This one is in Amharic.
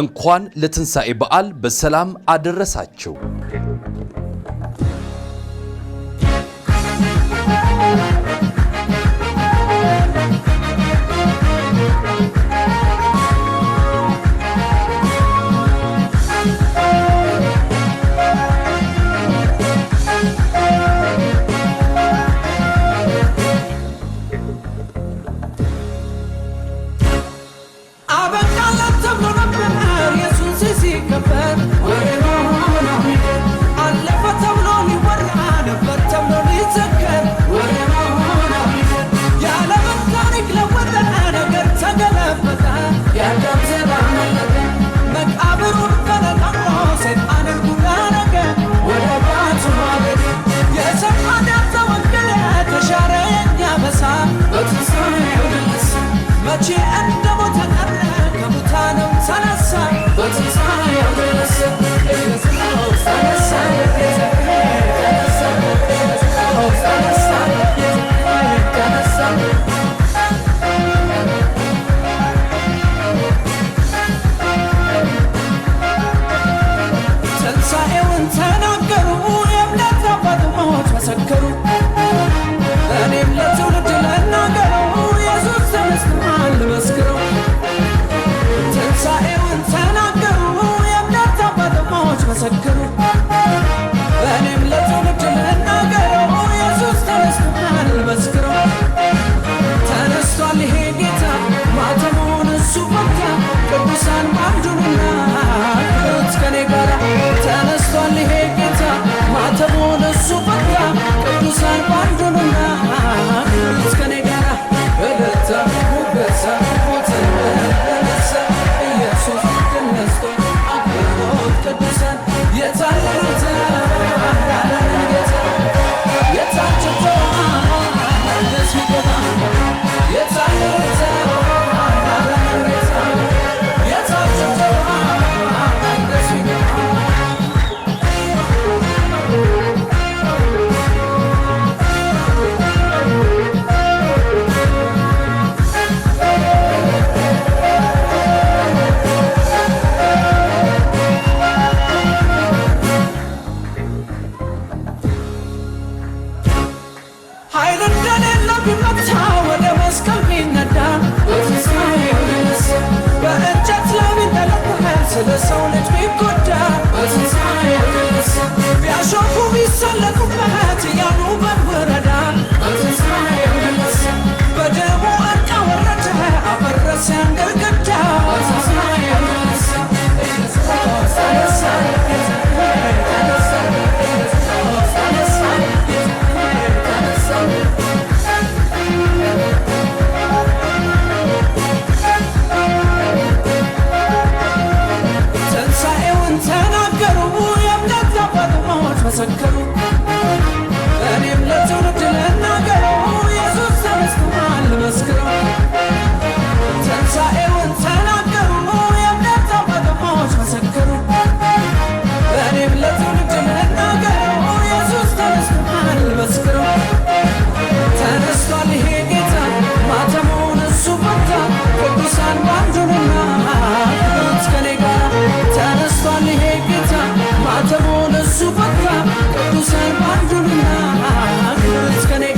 እንኳን ለትንሣኤ በዓል በሰላም አደረሳቸው። and as a good I'm ፈታ ቅዱሳን ባንድና ክብርት